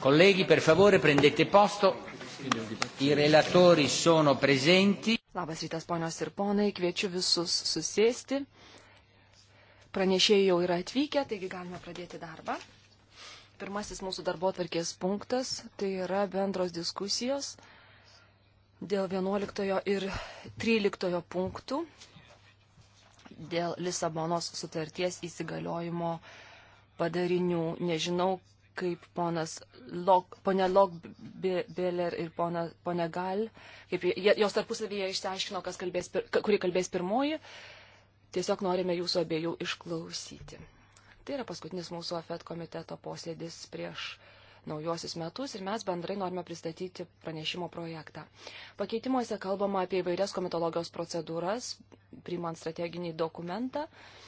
Colleghi, per favore, prendete posto. I relatori sono presenti. Labas rytas, ponios ir ponai, kviečiu visus susėsti. Pranešėjai jau yra atvykę, taigi galime pradėti darbą. Pirmasis mūsų darbo atvarkės punktas tai yra bendros diskusijos dėl 11 ir 13 punktų dėl Lisabonos sutarties įsigaliojimo padarinių. Nežinau, kaip ponas Lok, ponė Lokbėler ir pona, ponė Gal, kaip jie, jos tarpusavyje išsiaiškino, kalbės, kuri kalbės pirmoji, tiesiog norime jūsų abiejų išklausyti. Tai yra paskutinis mūsų AFET komiteto posėdis prieš naujosius metus ir mes bendrai norime pristatyti pranešimo projektą. Pakeitimuose kalbama apie įvairias komitologijos procedūras, priimant strateginį dokumentą. Uh,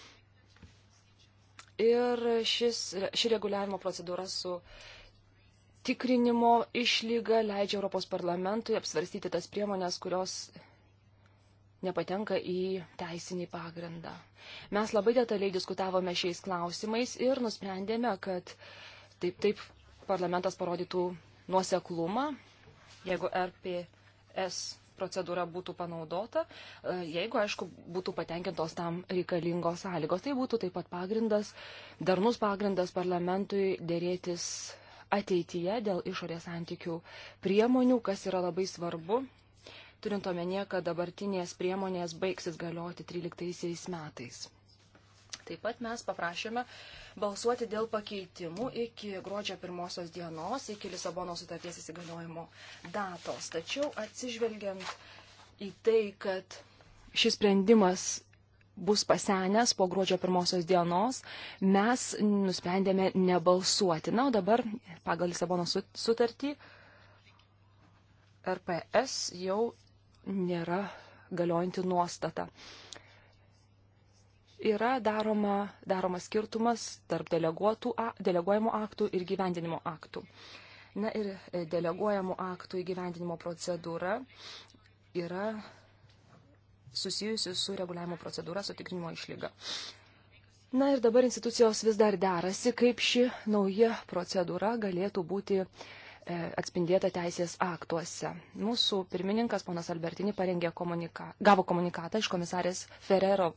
ir šis, ši reguliavimo procedūra su tikrinimo išlyga leidžia Europos parlamentui apsvarstyti tas priemonės, kurios nepatenka į teisinį pagrindą. Mes labai detaliai diskutavome šiais klausimais ir nusprendėme, kad taip, taip parlamentas parodytų nuoseklumą, jeigu RPS procedūra būtų panaudota, e, jeigu, aišku, būtų patenkintos tam reikalingos sąlygos. Tai būtų taip pat pagrindas, darnus pagrindas parlamentui dėrėtis ateityje dėl išorės santykių priemonių, kas yra labai svarbu, turint omenyje, kad dabartinės priemonės baigsis galioti 13 metais. Taip pat mes paprašėme balsuoti dėl pakeitimų iki gruodžio pirmosios dienos, iki Lisabono sutarties įsigaliojimo datos. Tačiau atsižvelgiant į tai, kad šis sprendimas bus pasenęs po gruodžio pirmosios dienos, mes nusprendėme nebalsuoti. Na, o dabar pagal Lisabono sutartį RPS jau nėra galiojanti nuostata yra daroma, daroma skirtumas tarp a, deleguojamų aktų ir gyvendinimo aktų. Na ir e, deleguojamų aktų įgyvendinimo procedūra yra susijusi su reguliavimo procedūra su tikrinimo išlyga. Na ir dabar institucijos vis dar derasi, kaip ši nauja procedūra galėtų būti e, atspindėta teisės aktuose. Mūsų pirmininkas, ponas Albertini, parengė komunika gavo komunikatą iš komisarės Ferrero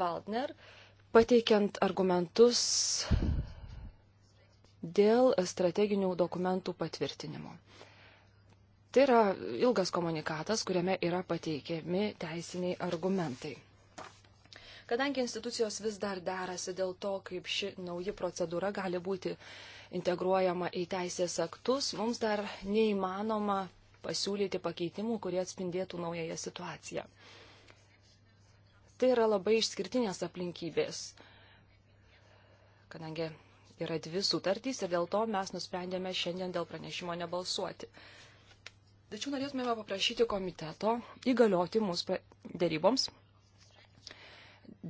Waldner, pateikiant argumentus dėl strateginių dokumentų patvirtinimo. Tai yra ilgas komunikatas, kuriame yra pateikiami teisiniai argumentai. Kadangi institucijos vis dar derasi dėl to, kaip ši nauja procedūra gali būti integruojama į teisės aktus, mums dar neįmanoma pasiūlyti pakeitimų, kurie atspindėtų naująją situaciją tai yra labai išskirtinės aplinkybės, kadangi yra dvi sutartys ir dėl to mes nusprendėme šiandien dėl pranešimo nebalsuoti. Tačiau norėtumėme paprašyti komiteto įgalioti mūsų dėryboms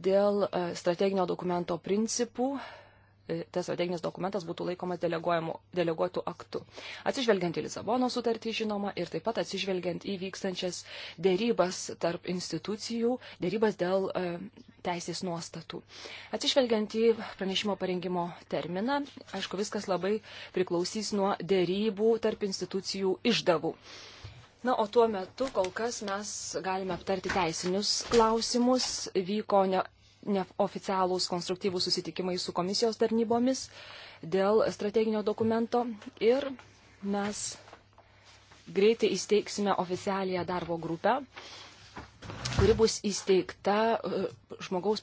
dėl e, strateginio dokumento principų E, tas strateginis dokumentas būtų laikomas deleguotų aktų. Atsižvelgiant į Lisabono sutartį, žinoma, ir taip pat atsižvelgiant į vykstančias dėrybas tarp institucijų, dėrybas dėl e, teisės nuostatų. Atsižvelgiant į pranešimo parengimo terminą, aišku, viskas labai priklausys nuo dėrybų tarp institucijų išdavų. Na, o tuo metu kol kas mes galime aptarti teisinius klausimus. Vyko ne, neoficialūs konstruktyvūs susitikimai su komisijos tarnybomis dėl strateginio dokumento ir mes greitai įsteigsime oficialiąją darbo grupę kuri bus įsteigta e, žmogaus,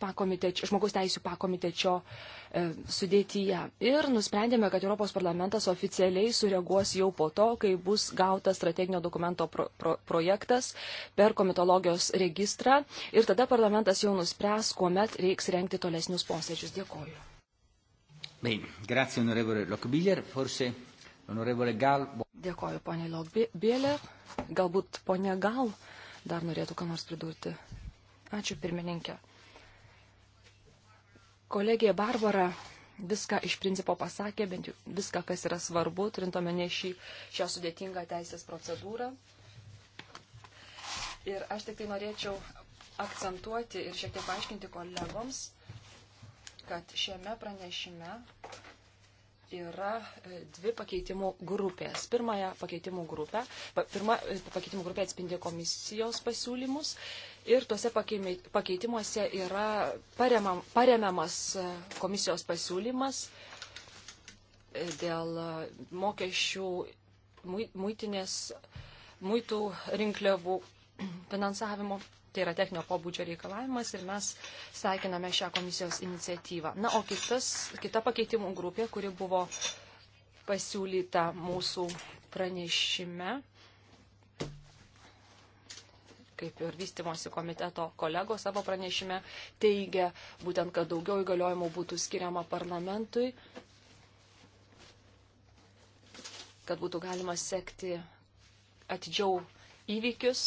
žmogaus teisų pakomitečio e, sudėtyje. Ir nusprendėme, kad Europos parlamentas oficialiai sureaguos jau po to, kai bus gautas strateginio dokumento pro, pro, projektas per komitologijos registrą. Ir tada parlamentas jau nuspręs, kuomet reiks renkti tolesnius posėdžius. Dėkoju. Bene, grazie onorevole Lockbiller, forse onorevole Gal. Dėkoju, ponė Lockbiller. Galbūt ponė Gal dar norėtų ką nors pridurti. Ačiū, pirmininkė. Kolegija Barbara viską iš principo pasakė, bent jau viską, kas yra svarbu, turint omenyje šį, šią sudėtingą teisės procedūrą. Ir aš tik tai norėčiau akcentuoti ir šiek tiek paaiškinti kolegoms, kad šiame pranešime yra e, dvi pakeitimų grupės. Pirmąją pakeitimų grupę, pirma e, pakeitimų grupė atspindi komisijos pasiūlymus ir tuose pakeitimuose yra paremam, paremiamas e, komisijos pasiūlymas dėl mokesčių muitinės, muitų rinkliavų finansavimo Tai yra techninio pobūdžio reikalavimas ir mes sveikiname šią komisijos iniciatyvą. Na, o kitas, kita pakeitimų grupė, kuri buvo pasiūlyta mūsų pranešime, kaip ir vystimosi komiteto kolegos savo pranešime teigia, būtent, kad daugiau įgaliojimų būtų skiriama parlamentui, kad būtų galima sekti atidžiau įvykius,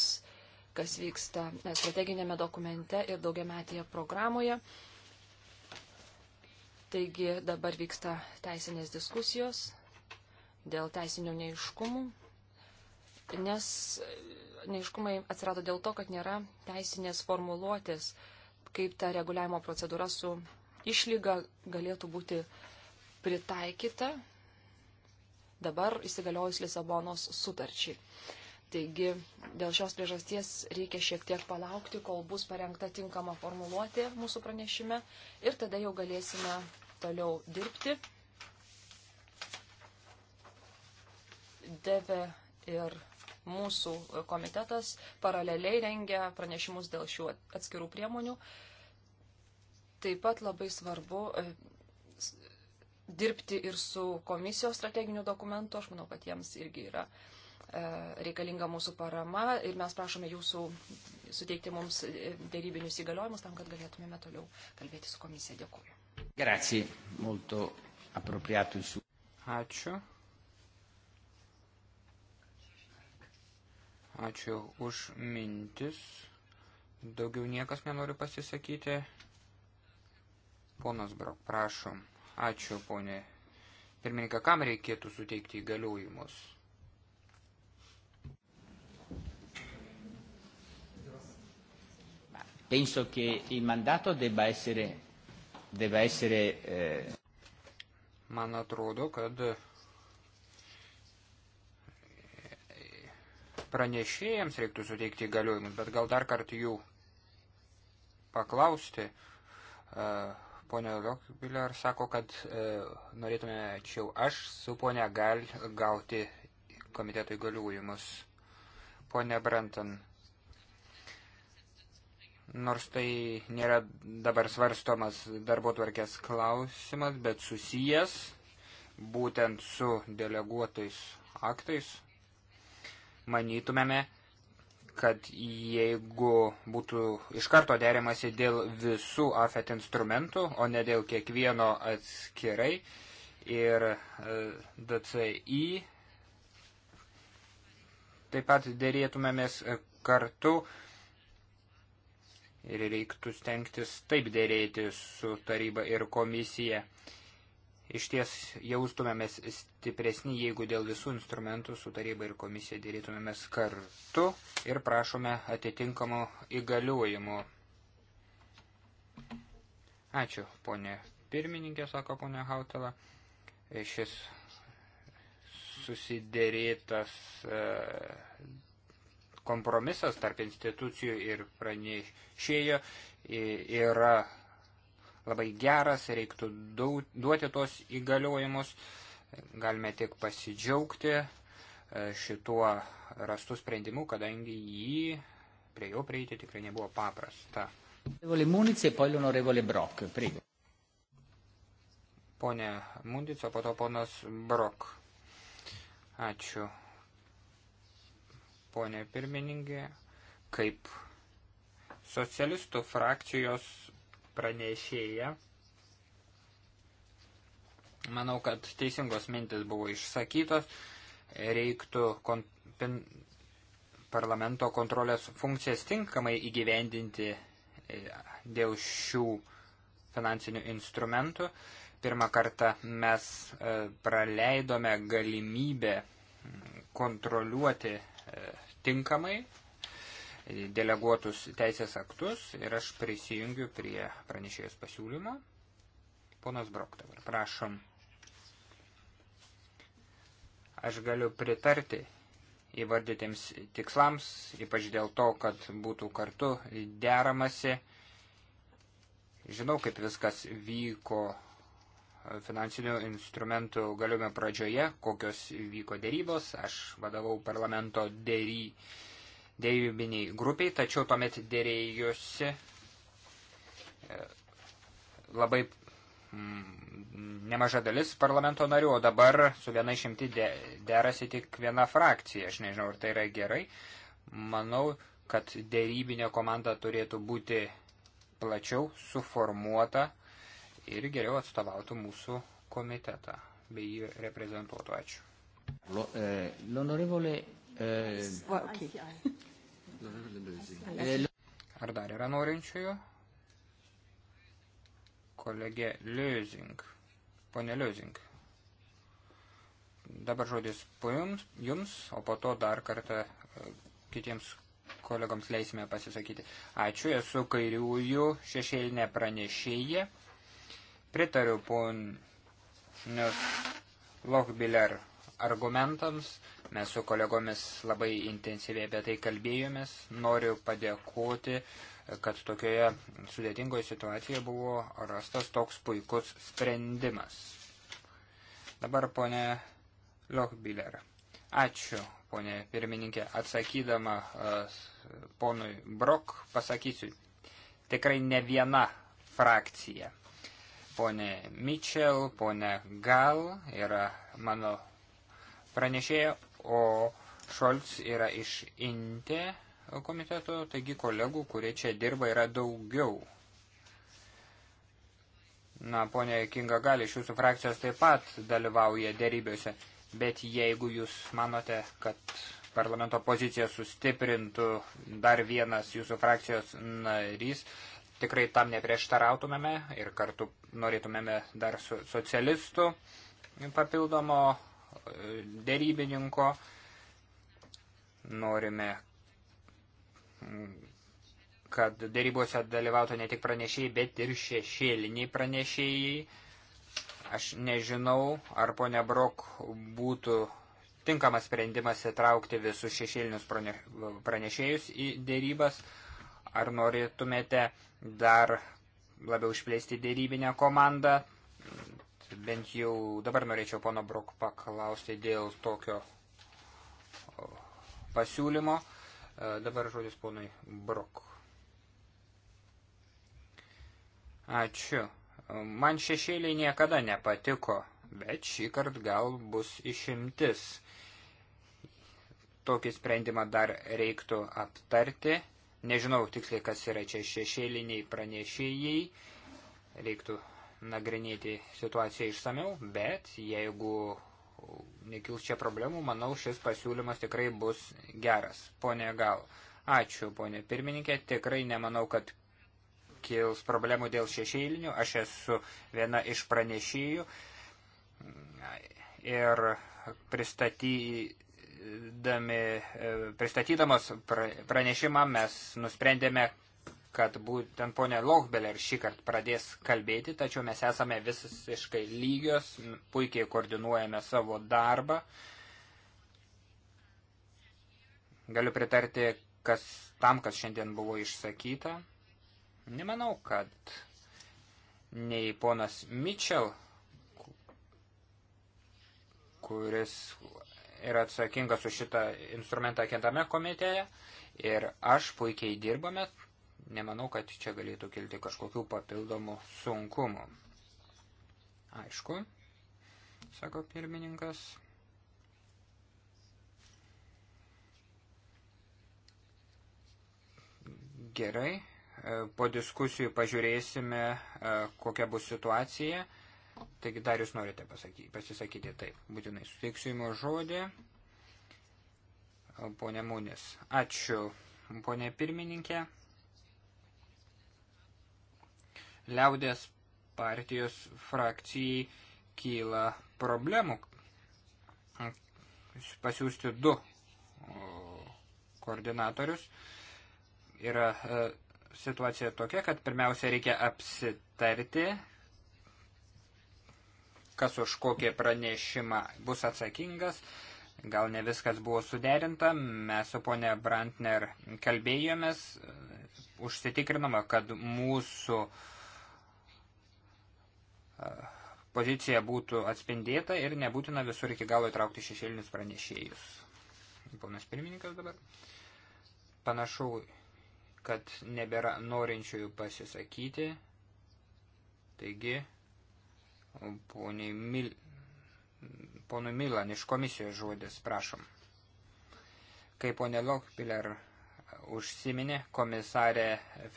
kas vyksta strateginėme dokumente ir daugiametėje programoje. Taigi dabar vyksta teisinės diskusijos dėl teisinių neiškumų, nes neiškumai atsirado dėl to, kad nėra teisinės formuluotės, kaip ta reguliavimo procedūra su išlyga galėtų būti pritaikyta dabar įsigaliojus Lisabonos sutarčiai. Taigi dėl šios priežasties reikia šiek tiek palaukti, kol bus parengta tinkama formuluotė mūsų pranešime ir tada jau galėsime toliau dirbti. Deve ir mūsų komitetas paraleliai rengia pranešimus dėl šių atskirų priemonių. Taip pat labai svarbu e, dirbti ir su komisijos strateginiu dokumentu. Aš manau, kad jiems irgi yra uh, E, reikalinga mūsų parama ir mes prašome jūsų suteikti mums e, dėrybinius įgaliojimus tam, kad galėtumėme toliau kalbėti su komisija. Dėkuoju. Grazie, molto appropriato il suo. Ačiū. Ačiū už mintis. Daugiau niekas nenori pasisakyti. Ponas Brok, prašom. Ačiū, ponė. Pirmininką, kam reikėtų suteikti įgaliojimus? penso che il mandato debba essere, debba essere eh... man atrodo, kad eh, pranešėjams reiktų suteikti įgaliojimus, bet gal dar kartą jų paklausti. Eh, Pone Lokbiler sako, kad eh, norėtume čia aš su ponia gal gauti komiteto įgaliojimus. Pone Brenton, nors tai nėra dabar svarstomas darbo tvarkės klausimas, bet susijęs būtent su deleguotais aktais, manytumėme, kad jeigu būtų iš karto derimasi dėl visų AFET instrumentų, o ne dėl kiekvieno atskirai, ir e, DCI taip pat dėrėtumėmės kartu, ir reiktų stengtis taip dėrėti su taryba ir komisija. Iš ties jaustumėmės stipresni, jeigu dėl visų instrumentų su taryba ir komisija dėrėtumėmės kartu ir prašome atitinkamų įgaliojimų. Ačiū, ponė pirmininkė, sako ponė Hautala. Šis susidėrėtas e, kompromisas tarp institucijų ir pranešėjo yra labai geras, reiktų duoti tos įgaliojimus, galime tik pasidžiaugti e, šituo rastų sprendimu, kadangi jį prie jo prieiti tikrai nebuvo paprasta. E Pone Mundico, po to ponas Brok. Ačiū ponė pirmininkė, kaip socialistų frakcijos pranešėja. Manau, kad teisingos mintis buvo išsakytos, reiktų kon parlamento kontrolės funkcijas tinkamai įgyvendinti e, dėl šių finansinių instrumentų. Pirmą kartą mes e, praleidome galimybę kontroliuoti tinkamai deleguotus teisės aktus ir aš prisijungiu prie pranešėjos pasiūlymo. Ponas Brok dabar, prašom. Aš galiu pritarti įvardytiems tikslams, ypač dėl to, kad būtų kartu deramasi. Žinau, kaip viskas vyko finansinių instrumentų galiume pradžioje, kokios vyko dėrybos. Aš vadovau parlamento dėry, dėrybiniai grupiai, tačiau tuomet dėrėjusi e, labai mm, nemaža dalis parlamento narių, o dabar su viena išimti de, derasi tik viena frakcija. Aš nežinau, ar tai yra gerai. Manau, kad dėrybinė komanda turėtų būti plačiau suformuota ir geriau atstovautų mūsų komitetą bei jį reprezentuotų. Ačiū. Ar dar yra norinčiųjų? Kolegė Liuzing. Pone Liuzing. Dabar žodis po jums, jums, o po to dar kartą eh, kitiems kolegoms leisime pasisakyti. Ačiū, esu kairiųjų šešėlinė pranešėja. Pritariu ponios Lochbiller argumentams. Mes su kolegomis labai intensyviai apie tai kalbėjomės. Noriu padėkoti, kad tokioje sudėtingoje situacijoje buvo rastas toks puikus sprendimas. Dabar ponė Lochbiller. Ačiū, ponė pirmininkė. Atsakydama e, ponui Brok pasakysiu, tikrai ne viena frakcija ponė Mitchell, ponė Gal yra mano pranešėja, o Šolts yra iš Inte komiteto, taigi kolegų, kurie čia dirba, yra daugiau. Na, ponė Kinga Gal iš jūsų frakcijos taip pat dalyvauja dėrybiuose, bet jeigu jūs manote, kad parlamento poziciją sustiprintų dar vienas jūsų frakcijos narys, tikrai tam neprieštarautumėme ir kartu norėtumėme dar su socialistų papildomo e, dėrybininko. Norime, mm, kad dėrybose dalyvautų ne tik pranešėjai, bet ir šešėliniai pranešėjai. Aš nežinau, ar ponia Brok būtų tinkamas sprendimas įtraukti visus šešėlinius pranešėjus į dėrybas. Ar norėtumėte dar labiau išplėsti dėrybinę komandą. Bent jau dabar norėčiau pono Brok paklausti dėl tokio pasiūlymo. E, dabar žodis ponui Brok. Ačiū. Man šešėliai niekada nepatiko, bet šį kart gal bus išimtis. Tokį sprendimą dar reiktų aptarti Nežinau tiksliai, kas yra čia šešėliniai pranešėjai. Reiktų nagrinėti situaciją išsameu, bet jeigu nekils čia problemų, manau, šis pasiūlymas tikrai bus geras. Pone Gal, ačiū, ponė pirmininkė, tikrai nemanau, kad kils problemų dėl šešėlinių, aš esu viena iš pranešėjų ir pristaty, pristatydami, e, pristatydamas pranešimą mes nusprendėme, kad būtent ponė Lochbeler šį kartą pradės kalbėti, tačiau mes esame visiškai lygios, puikiai koordinuojame savo darbą. Galiu pritarti kas, tam, kas šiandien buvo išsakyta. Nemanau, kad nei ponas Mitchell, kuris yra atsakingas už šitą instrumentą kentame komitėje ir aš puikiai dirbame. Nemanau, kad čia galėtų kilti kažkokių papildomų sunkumų. Aišku, sako pirmininkas. Gerai, po diskusijų pažiūrėsime, e, kokia bus situacija. Taigi dar jūs norite pasakyti, pasisakyti taip. Būtinai suteiksiu jums žodį. Pone Mūnis. Ačiū, ponė pirmininkė. Liaudės partijos frakcijai kyla problemų pasiūsti du koordinatorius. Yra e, situacija tokia, kad pirmiausia reikia apsitarti kas už kokį pranešimą bus atsakingas. Gal ne viskas buvo suderinta, mes su ponė Brantner kalbėjomės, užsitikrinama, kad mūsų e, pozicija būtų atspindėta ir nebūtina visur iki galo įtraukti šešėlinius pranešėjus. Ponas pirmininkas dabar. Panašau, kad nebėra norinčiųjų pasisakyti. Taigi, Poniai Mil... Pono Milan iš komisijos žodis, prašom. Kaip ponė Lokpiller užsiminė, komisarė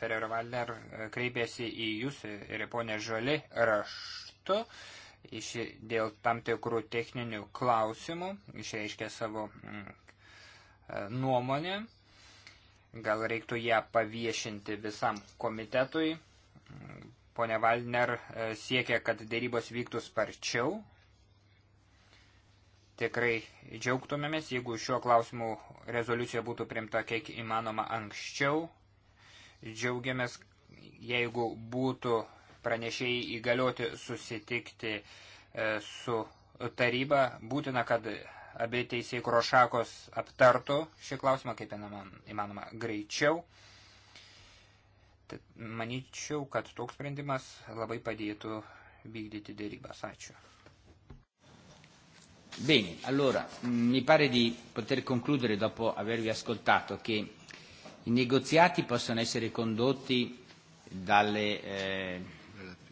Ferrero Valder kreipėsi į jūs ir ponę Žali raštu iš, dėl tam tikrų techninių klausimų, išreiškė savo mm, nuomonę. Gal reiktų ją paviešinti visam komitetui. Pone Valner e, siekia, kad dėrybos vyktų sparčiau. Tikrai džiaugtumėmės, jeigu šiuo klausimu rezoliucija būtų primta kiek įmanoma anksčiau. Džiaugiamės, jeigu būtų pranešėjai įgalioti susitikti e, su taryba, būtina, kad abi teisėjai Krošakos aptartų šį klausimą kaip įmanoma greičiau. Manyčiau, kad toks sprendimas labai padėtų vykdyti dėrybas. Ačiū. Bene, allora mi pare di poter concludere dopo avervi ascoltato che i negoziati possono essere condotti dalle eh,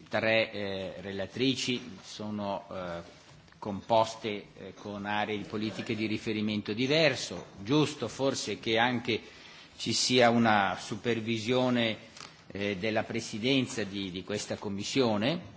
tre eh, relatrici, sono eh, composte eh, con aree di politiche di riferimento diverso, giusto forse che anche ci sia una supervisione eh, della Presidenza di, di questa Commissione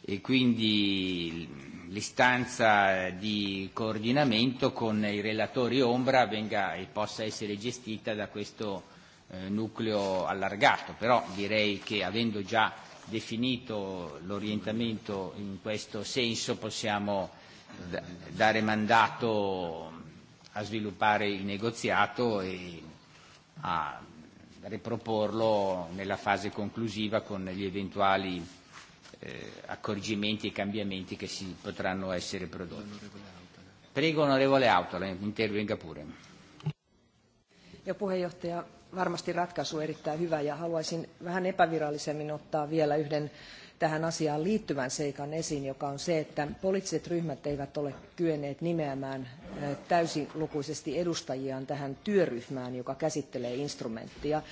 e quindi l'istanza di coordinamento con i relatori ombra venga e possa essere gestita da questo eh, nucleo allargato. Però direi che avendo già definito l'orientamento in questo senso possiamo da- eh, dare mandato a sviluppare il negoziato e a riproporlo nella fase conclusiva con gli eventuali eh, accorgimenti e cambiamenti che si potranno essere prodotti. Prego onorevole Autola, intervenga pure. Ja puheenjohtaja, varmasti ratkaisu erittäin hyvä ja haluaisin vähän epävirallisemmin ottaa vielä yhden tähän asiaan liittyvän seikan esiin, joka on se, että poliittiset ryhmät eivät ole kyenneet nimeämään täysilukuisesti edustajiaan tähän työryhmään, joka käsittelee instrumenttia.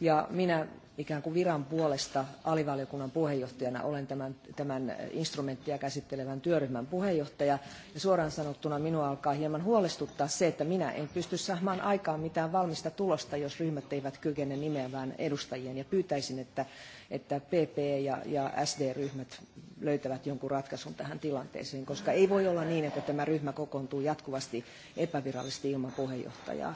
Ja minä ikään kuin viran puolesta alivaliokunnan puheenjohtajana olen tämän, tämän instrumenttia käsittelevän työryhmän puheenjohtaja. Ja suoraan sanottuna minua alkaa hieman huolestuttaa se, että minä en pysty saamaan aikaan mitään valmista tulosta, jos ryhmät eivät kykene nimeämään edustajien. Ja pyytäisin, että että PP ja, ja SD-ryhmät löytävät jonkun ratkaisun tähän tilanteeseen, koska ei voi olla niin, että tämä ryhmä kokoontuu jatkuvasti epävirallisesti ilman puheenjohtajaa.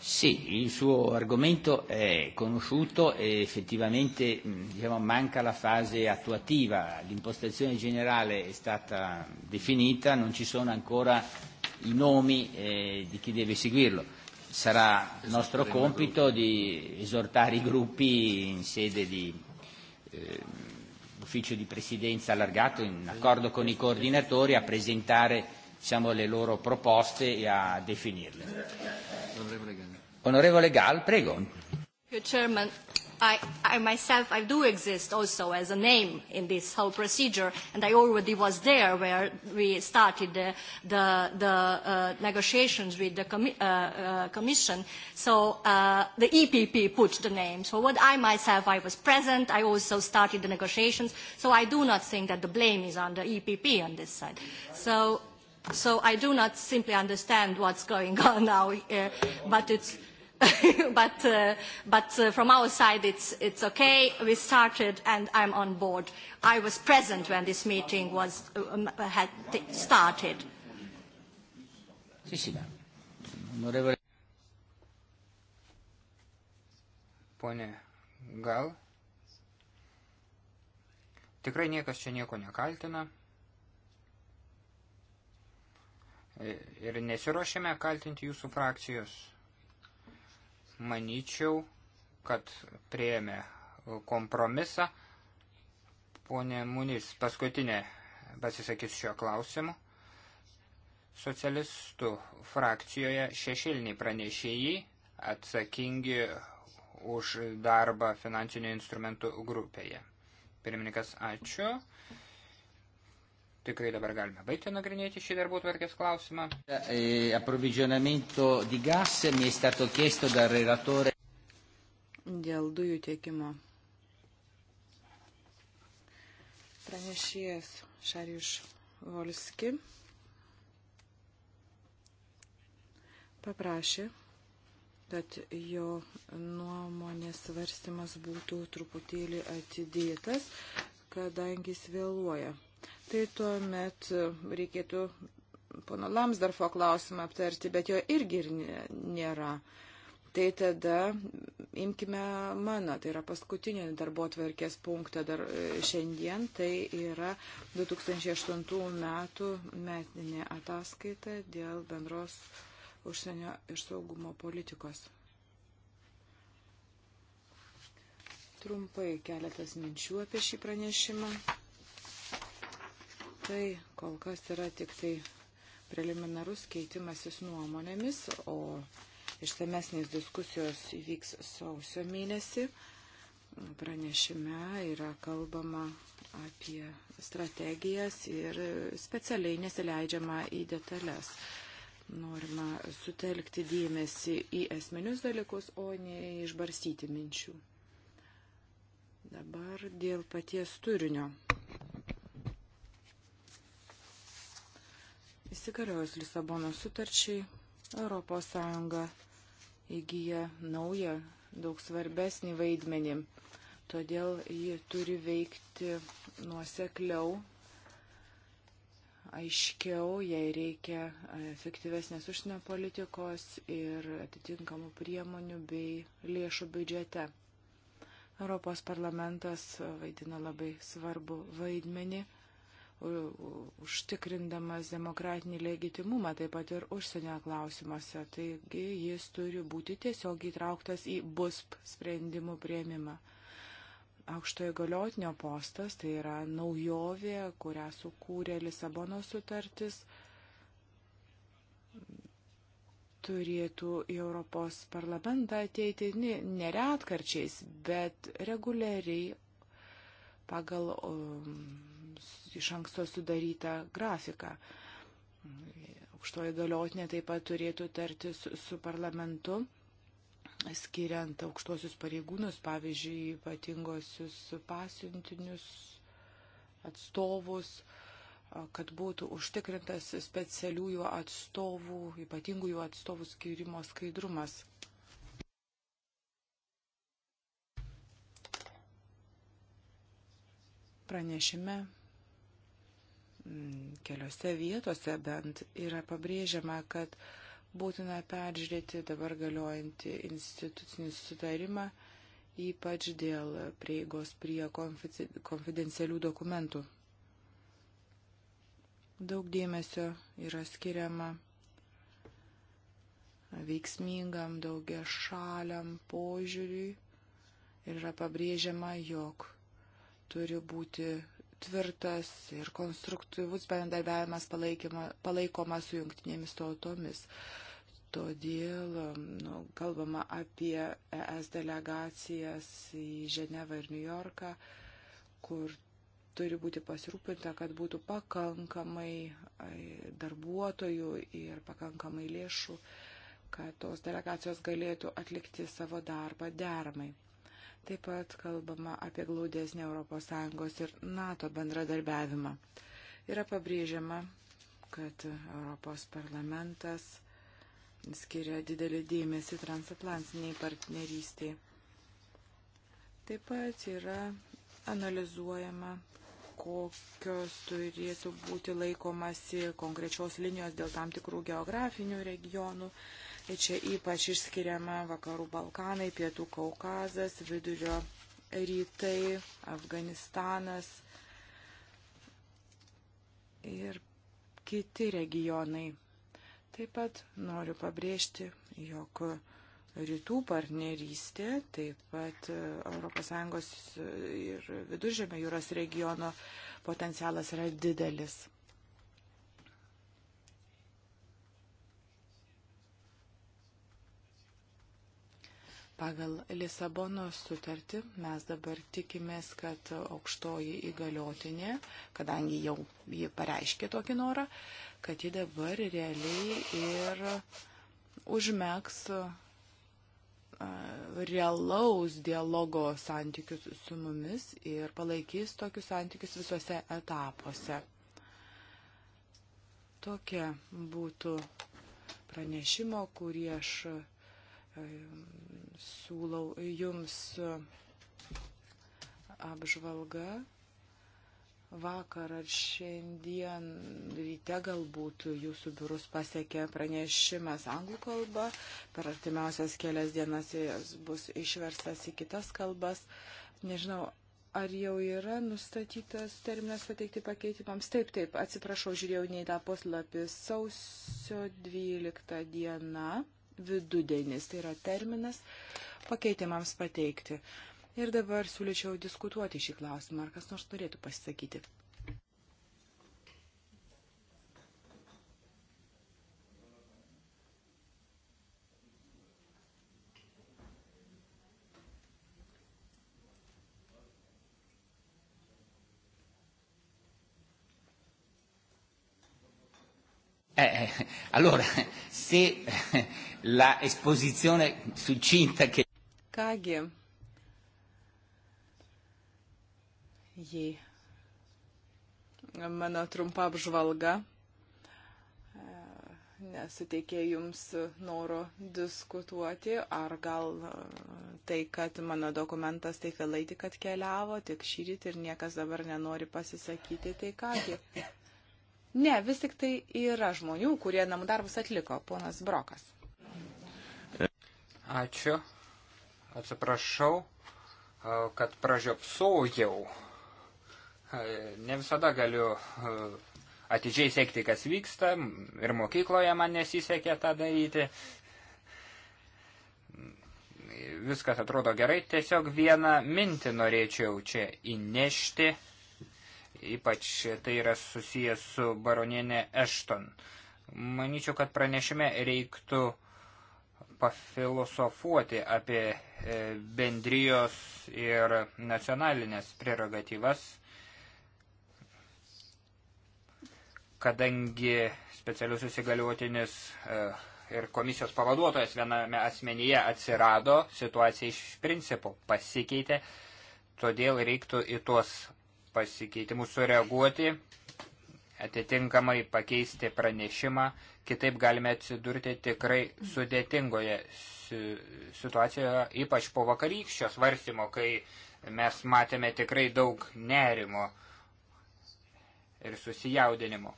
Sì, il suo argomento è conosciuto e effettivamente diciamo, manca la fase attuativa. L'impostazione generale è stata definita, non ci sono ancora i nomi eh, di chi deve seguirlo sarà nostro compito di esortare i gruppi in sede di eh, ufficio di presidenza allargato, in accordo con i coordinatori, a presentare diciamo, le loro proposte e a definirle. Onorevole Gall, prego. Chairman, I, I myself, I do exist also as a name in this whole procedure, and I already was there where we started the, the, the uh, negotiations with the com uh, uh, Commission. So uh, the EPP put the name. So what I myself, I was present. I also started the negotiations. So I do not think that the blame is on the EPP on this side. So, so I do not simply understand what's going on now, uh, but it's but uh, but uh, from our side, it's it's okay. We started, and I'm on board. I was present when this meeting was um, had t- started. Sì, sì, ma. Onorevole. Pone, gal? Tikrai niekas čia nieko nekaltina. E, ir nesiuošėme kaltinti jūsų frakcijos manyčiau, kad prieėmė kompromisą. Pone Munys, paskutinė pasisakys šio klausimu. Socialistų frakcijoje šešilniai pranešėjai atsakingi už darbą finansinių instrumentų grupėje. Pirmininkas, ačiū. Tikrai dabar galime baigti nagrinėti šį darbų tvarkės klausimą. E, e, Dėl dujų tiekimo. Pranešėjas Šariš Volski paprašė, kad jo nuomonės svarstymas būtų truputėlį atidėtas, kadangi jis vėluoja tai tuomet e, reikėtų pono Lamsdorfo klausimą aptarti, bet jo irgi ir nėra. Tai tada imkime mano, tai yra paskutinį darbo tvarkės punktą dar e, šiandien, tai yra 2008 metų metinė ataskaita dėl bendros užsienio ir saugumo politikos. Trumpai keletas minčių apie šį pranešimą tai kol kas yra tik tai preliminarus keitimasis nuomonėmis, o išsamesnės diskusijos įvyks sausio mėnesį. Pranešime yra kalbama apie strategijas ir specialiai nesileidžiama į detalės. Norima sutelkti dėmesį į esminius dalykus, o ne išbarstyti minčių. Dabar dėl paties turinio. Įsigaliojus Lisabono sutarčiai, ES įgyja naują, daug svarbesnį vaidmenį. Todėl ji turi veikti nuosekliau, aiškiau, jai reikia efektyvesnės užsienio politikos ir atitinkamų priemonių bei lėšų biudžete. Europos parlamentas vaidina labai svarbu vaidmenį užtikrindamas demokratinį legitimumą, taip pat ir užsienio klausimuose. Taigi jis turi būti tiesiog įtrauktas į BUSP sprendimų prieimimą. Aukštojo galiotinio postas tai yra naujovė, kurią sukūrė Lisabono sutartis turėtų į Europos parlamentą ateiti neretkarčiais, bet reguliariai pagal um, iš anksto sudarytą grafiką. Aukštoji galiotinė taip pat turėtų tartis su parlamentu, skiriant aukštuosius pareigūnus, pavyzdžiui, ypatingosius pasiuntinius atstovus, kad būtų užtikrintas specialiųjų atstovų, ypatingųjų atstovų skirimo skaidrumas. Pranešime keliose vietose bent yra pabrėžiama, kad būtina peržiūrėti dabar galiojantį institucinį sutarimą, ypač dėl prieigos prie konfidencialių dokumentų. Daug dėmesio yra skiriama veiksmingam daugia šaliam požiūriui ir yra pabrėžiama, jog turi būti tvirtas ir konstruktyvus bendarbiavimas palaikomas su jungtinėmis tautomis. Todėl um, nu, kalbama apie ES delegacijas į Ženevą ir New Yorką, kur turi būti pasirūpinta, kad būtų pakankamai darbuotojų ir pakankamai lėšų, kad tos delegacijos galėtų atlikti savo darbą deramai. Taip pat kalbama apie glaudesnį ES ir NATO bendradarbiavimą. Yra pabrėžiama, kad Europos parlamentas skiria didelį dėmesį transatlantiniai partnerystiai. Taip pat yra analizuojama, kokios turėtų būti laikomasi konkrečios linijos dėl tam tikrų geografinių regionų. Čia ypač išskiriama Vakarų Balkanai, Pietų Kaukazas, Vidurio rytai, Afganistanas ir kiti regionai. Taip pat noriu pabrėžti, jog rytų partnerystė, taip pat ES ir Viduržėmio jūros regiono potencialas yra didelis. Pagal Lisabonos sutartį mes dabar tikimės, kad aukštoji įgaliotinė, kadangi jau ji pareiškė tokį norą, kad ji dabar realiai ir užmėgs realaus dialogo santykius su mumis ir palaikys tokius santykius visuose etapuose. Tokia būtų pranešimo, kurį aš Siūlau jums uh, apžvalgą vakar ar šiandien ryte galbūt jūsų biurus pasiekė pranešimas anglų kalba, per artimiausias kelias dienas jis bus išverstas į kitas kalbas. Nežinau, ar jau yra nustatytas terminas pateikti pakeitimams? Taip, taip, atsiprašau, žiūrėjau ne į tą puslapį. Sausio 12 diena vidudienis, tai yra terminas pakeitimams pateikti. Ir dabar siūlyčiau diskutuoti šį klausimą, ar kas nors norėtų pasisakyti. Eh, eh allora, se la esposizione succinta che... Kągi, jei mano trumpa apžvalga nesuteikė jums noro diskutuoti, ar gal e, tai, kad mano dokumentas tai vėlai tik atkeliavo, tik šį rytį ir niekas dabar nenori pasisakyti, tai kągi. Ne, vis tik tai yra žmonių, kurie namų darbus atliko, ponas Brokas. Ačiū. Atsiprašau, e, kad pražiopsojau. E, ne visada galiu e, atidžiai sekti, kas vyksta. Ir mokykloje man nesisekė tą daryti. Viskas atrodo gerai, tiesiog vieną mintį norėčiau čia įnešti. Ypač tai yra susijęs su baronienė Ešton. Manyčiau, kad pranešime reiktų pafilosofuoti apie e, bendrijos ir nacionalinės prerogatyvas, kadangi specialius įsigaliotinis e, ir komisijos pavaduotojas viename asmenyje atsirado, situacija iš principo pasikeitė, todėl reiktų į tuos pasikeitimus sureaguoti, atitinkamai pakeisti pranešimą, kitaip galime atsidurti tikrai sudėtingoje situacijoje, ypač po vakarykščio svarstymo, kai mes matėme tikrai daug nerimo ir susijaudinimo.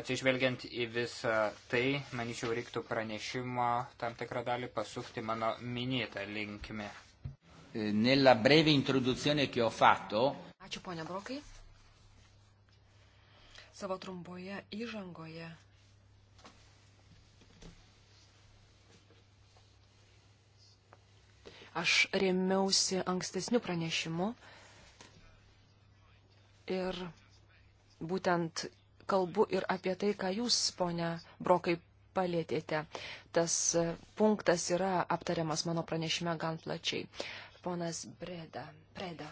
Atsižvelgiant į visą tai, manyčiau, reiktų pranešimo tam tikrą dalį pasukti mano minėtą linkme. Eh, nella breve introduzione che ho fatto. Ačiū, ponia Brokai. Savo trumpoje įžangoje. Aš rėmiausi ankstesniu pranešimu ir būtent kalbu ir apie tai, ką jūs, ponia Brokai, palėtėte. Tas e, punktas yra aptariamas mano pranešime gan plačiai ponas Breda. Preda.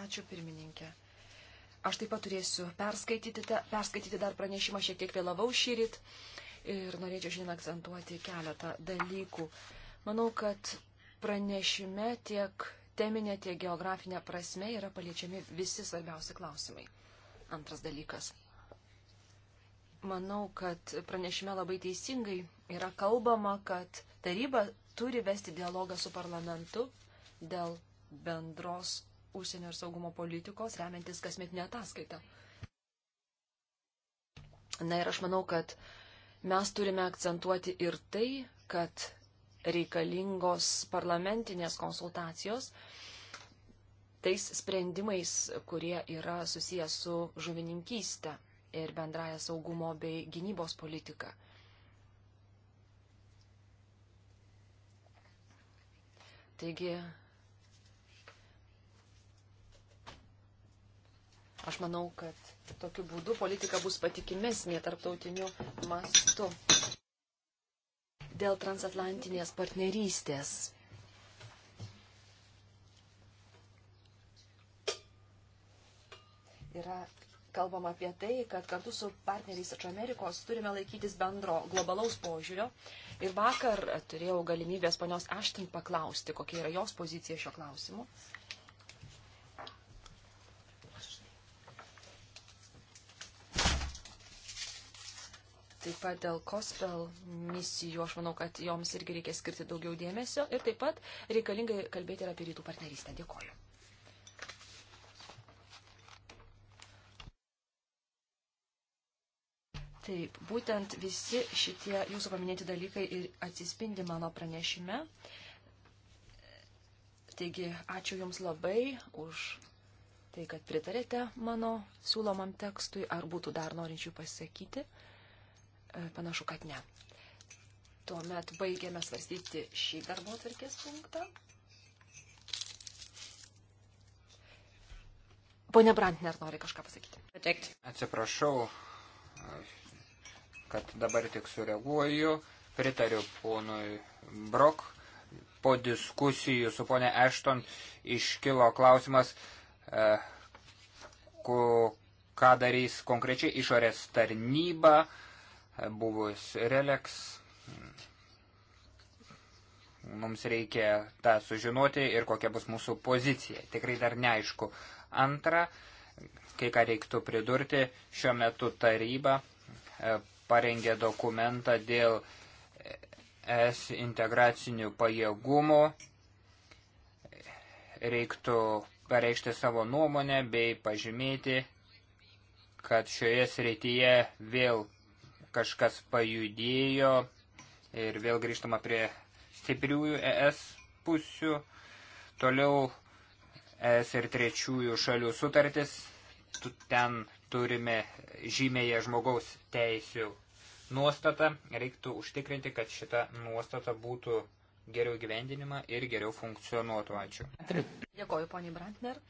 Ačiū pirmininkė. Aš taip pat turėsiu perskaityti, ta, perskaityti dar pranešimą, šiek tiek vėlavau šyrit ir norėčiau šiandien akcentuoti keletą dalykų. Manau, kad pranešime tiek teminė, tiek geografinė prasme yra paliečiami visi svarbiausi klausimai. Antras dalykas. Manau, kad pranešime labai teisingai yra kalbama, kad taryba turi vesti dialogą su parlamentu dėl bendros užsienio ir saugumo politikos, remiantis kasmetinę ataskaitą. Na ir aš manau, kad mes turime akcentuoti ir tai, kad reikalingos parlamentinės konsultacijos tais sprendimais, kurie yra susijęs su žuvininkystė ir bendraja saugumo bei gynybos politika. Taigi, aš manau, kad tokiu būdu politika bus patikimesnė tarptautiniu mastu dėl transatlantinės partnerystės. Yra kalbam apie tai, kad kartu su partneriais iš Amerikos turime laikytis bendro globalaus požiūrio. Ir vakar turėjau galimybės ponios Aštin paklausti, kokia yra jos pozicija šio klausimu. Taip pat dėl kospel misijų, aš manau, kad joms irgi reikia skirti daugiau dėmesio ir taip pat reikalingai kalbėti ir apie rytų partnerystę. Dėkoju. Taip, būtent visi šitie jūsų paminėti dalykai ir atsispindi mano pranešime. Taigi, ačiū Jums labai už tai, kad pritarėte mano siūlomam tekstui, ar būtų dar norinčių pasakyti. E, panašu, kad ne. Tuomet baigėme svarstyti šį darbo atvarkės punktą. Pone Brantner nori kažką pasakyti. Atsiprašau, kad dabar tik sureaguoju, pritariu ponui Brok. Po diskusijų su ponė Ešton iškilo klausimas, e, ką darys konkrečiai išorės tarnyba, e, buvus Relex. Mums reikia tą sužinoti ir kokia bus mūsų pozicija. Tikrai dar neaišku. Antra, kai ką reiktų pridurti, šiuo metu taryba e, parengė dokumentą dėl es integracinių pajėgumų. Reiktų pareikšti savo nuomonę bei pažymėti, kad šioje srityje vėl kažkas pajudėjo ir vėl grįžtama prie stipriųjų ES pusių. Toliau ES ir trečiųjų šalių sutartis, ten turime žymėje žmogaus teisių nuostatą, reiktų užtikrinti, kad šita nuostata būtų geriau gyvendinima ir geriau funkcionuotų. Ačiū. Dėkoju, poniai Brantner.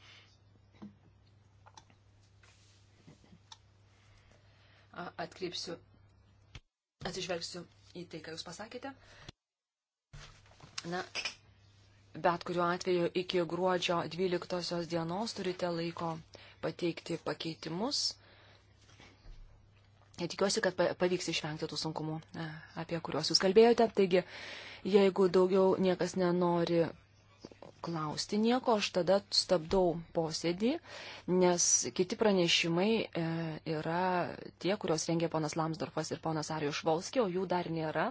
Atkreipsiu, atsižvelgsiu į tai, ką Jūs pasakėte. Na, bet kuriuo atveju iki gruodžio 12 dienos turite laiko uh, pateikti pakeitimus. Ir tikiuosi, kad pavyks išvengti tų sunkumų, e, apie kuriuos jūs kalbėjote. Taigi, jeigu daugiau niekas nenori klausti nieko, aš tada stabdau posėdį, nes kiti pranešimai e, yra tie, kuriuos rengė ponas Lamsdorfas ir ponas Arijus Švolskė, o jų dar nėra.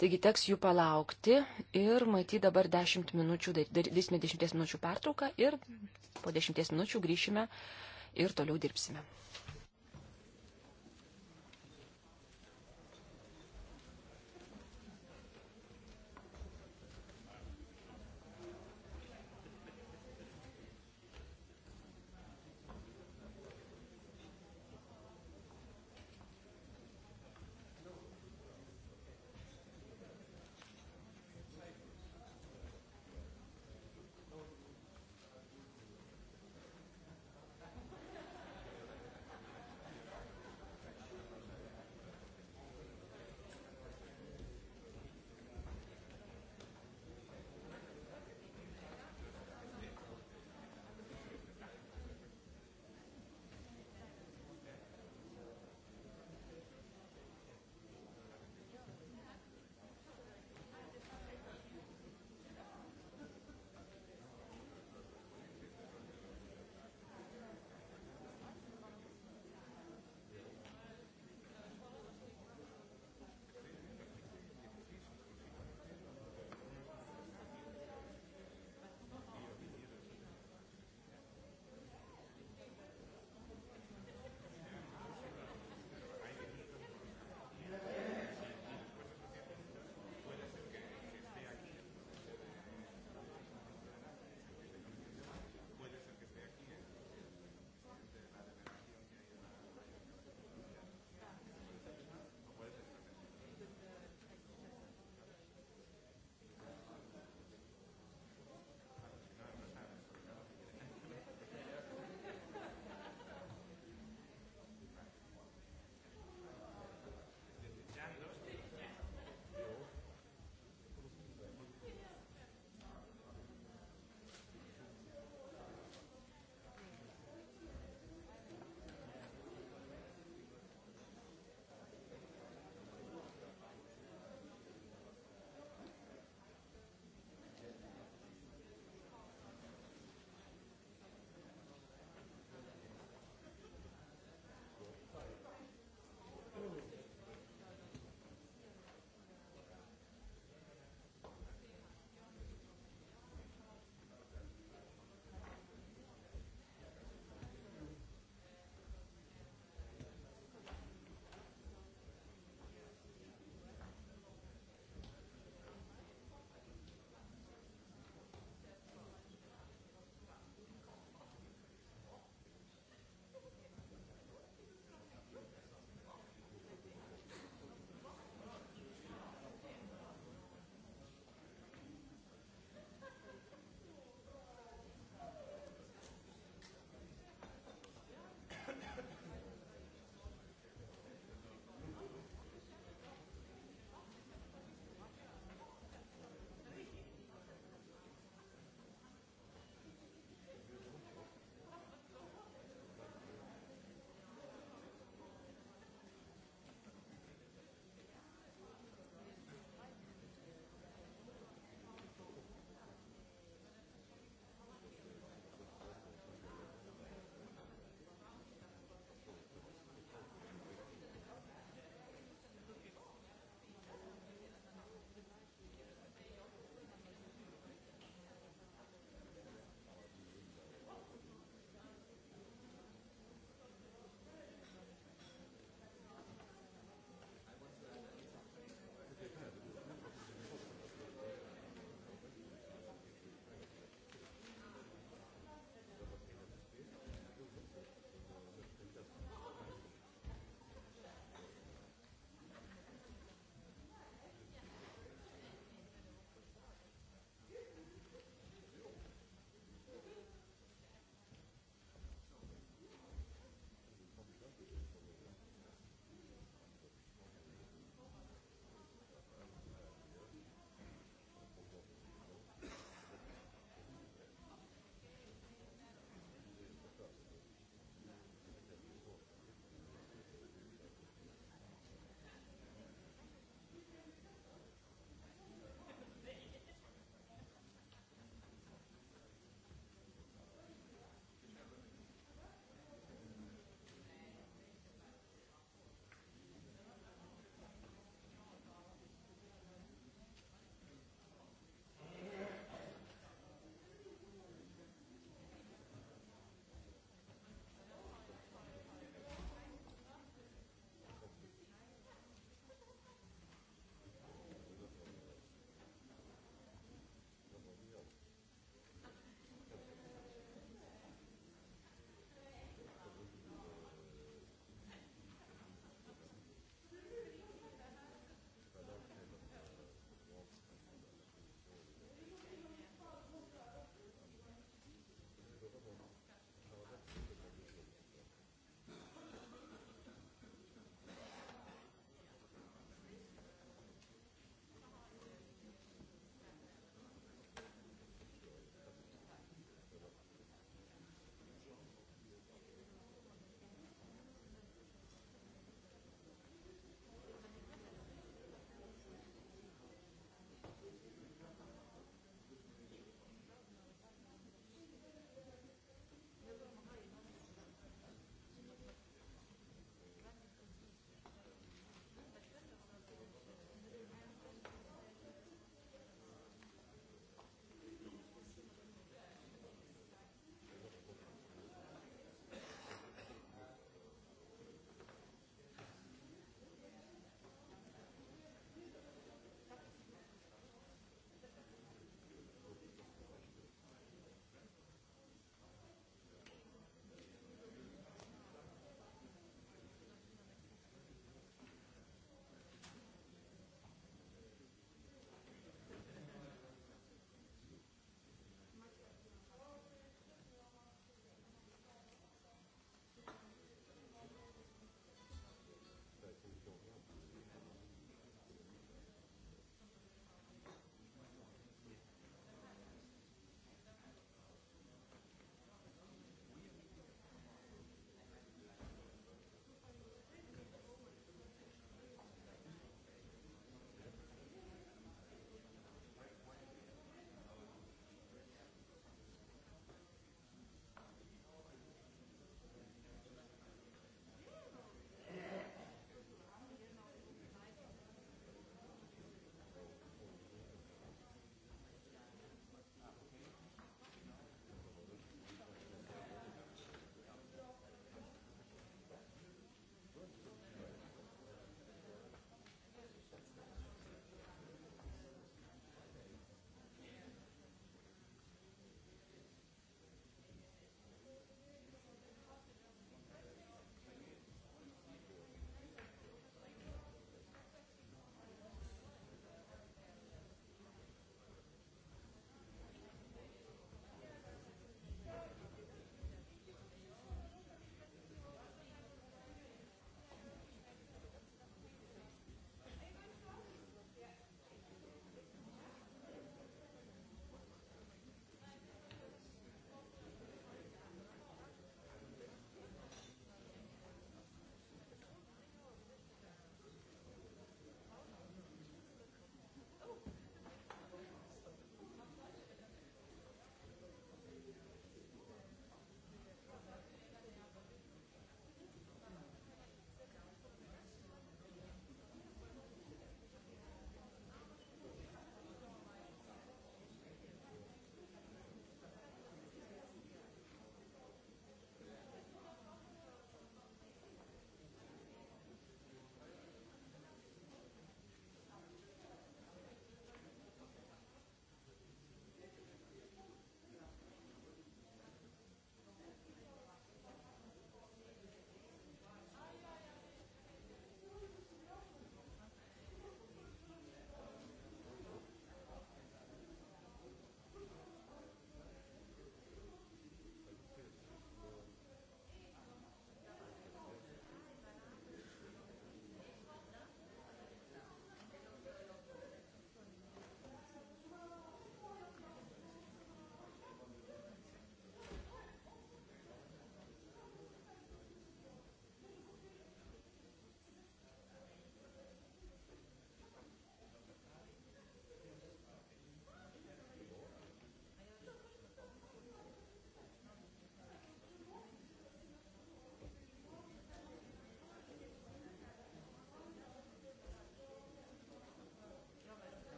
Taigi teks jų palaukti ir matyti dabar 10 minučių, darysime 10 minučių pertrauką ir po 10 minučių grįšime ir toliau dirbsime.